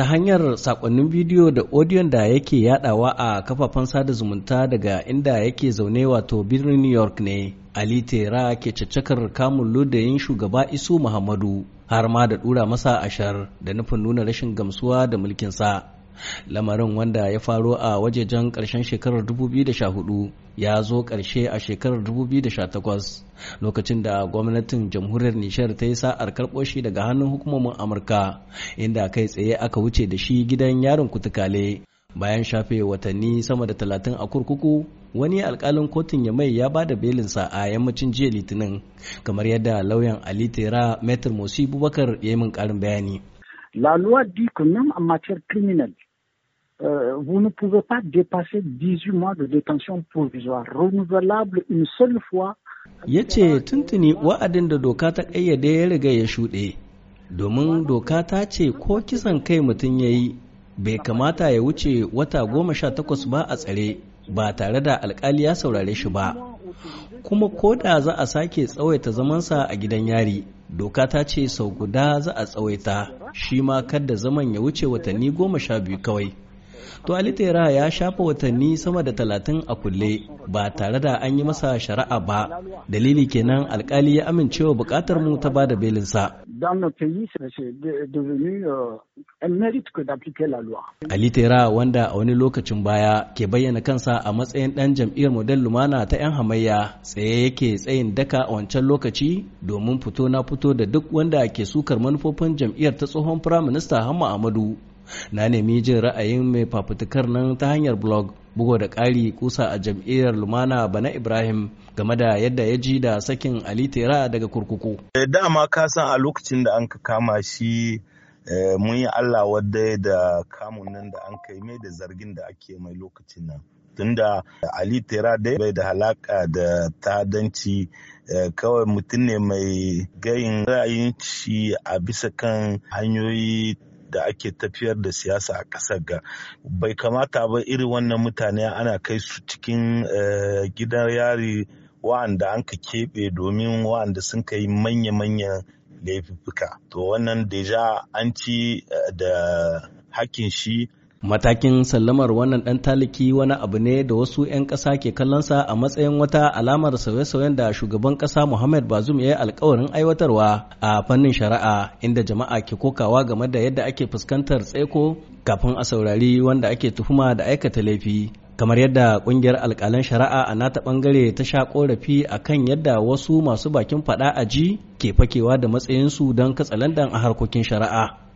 ta hanyar sakonnin bidiyo da odiyon da yake yadawa a kafafen sada zumunta daga inda yake zaune wato birnin new york ne ali tera ke caccakar kamun ludayin shugaba isu muhammadu har ma da dura masa ashar da nufin nuna rashin gamsuwa da mulkinsa lamarin wanda ya faro a wajejen ƙarshen shekarar 2014 ya zo ƙarshe a shekarar 2018 lokacin da gwamnatin jamhuriyar nishar ta yi sa'ar karɓo shi daga hannun hukumomin amurka inda kai tsaye aka wuce da shi gidan yarin kutukale bayan shafe watanni sama da talatin a kurkuku wani alkalin kotun ya mai ya ba da belinsa a yammacin jiya litinin kamar yadda lauyan alitera tera metar musi bubakar ya yi min karin bayani La loi dit que même en matière criminelle, euh, vous ne pouvez pas dépasser 18 mois de détention provisoire, renouvelable une seule fois. Ya ce tuntuni wa'adin da doka ta ƙayyade ya riga ya shuɗe, domin doka ta ce ko kisan kai mutum ya yi bai kamata ya wuce wata goma sha takwas ba a tsare ba tare da alkali ya saurare shi ba, kuma ko da za a sake tsawaita zamansa a gidan yari. doka ta ce sau guda za a tsawaita shi ma kadda zaman ya wuce watanni goma sha biyu kawai to alitera ya shafa watanni sama da talatin a kulle ba tare da an yi masa shari'a ba dalili kenan alkali ya amincewa bukatar mu ta bada belinsa dans nos pays, c'est devenu euh, un mérite que d'appliquer la loi. Ali Tera wanda a wani lokacin baya ke bayyana kansa a matsayin ɗan jam'iyyar model lumana ta 'yan hamayya tsaye yake tsayin daka a wancan lokaci domin fito na fito da duk wanda ke sukar manufofin jam'iyyar ta tsohon firaminista Hamma Amadou. na nemi jin ra'ayin mai fafutukar nan ta hanyar blog bugo da ƙari kusa a jam'iyyar lumana bana ibrahim game da yadda ya ji da sakin ali tera daga kurkuku eh, dama ka san a lokacin da an ka kama shi eh, mun yi allah wadda da kamun nan da an kai mai da zargin da ake mai lokacin nan tunda ali tera dai bai da halaka da ta'addanci eh, kawai mutum ne mai gayin ra'ayin shi a bisa kan hanyoyi da ake tafiyar da siyasa a ƙasar ga bai kamata ba irin wannan mutane ana kai su cikin eh, gidan yari wa'anda an ka keɓe domin wa'anda sun kai manya-manyan laifuka to wannan deja an ci eh, da hakkin shi Matakin sallamar wannan ɗan taliki wani abu ne da wasu 'yan ƙasa ke kallonsa a matsayin wata alamar sauye-sauyen da shugaban ƙasa Muhammad Bazum ya yi alkawarin aiwatarwa a fannin shari'a inda jama'a ke kokawa game da yadda ake fuskantar tseko kafin a saurari wanda ake tuhuma da aikata laifi. kamar yadda kungiyar alkalan shari'a a nata bangare ta sha korafi a kan yadda wasu masu bakin fada a ji ke fakewa da matsayinsu don katsalandan a harkokin shari'a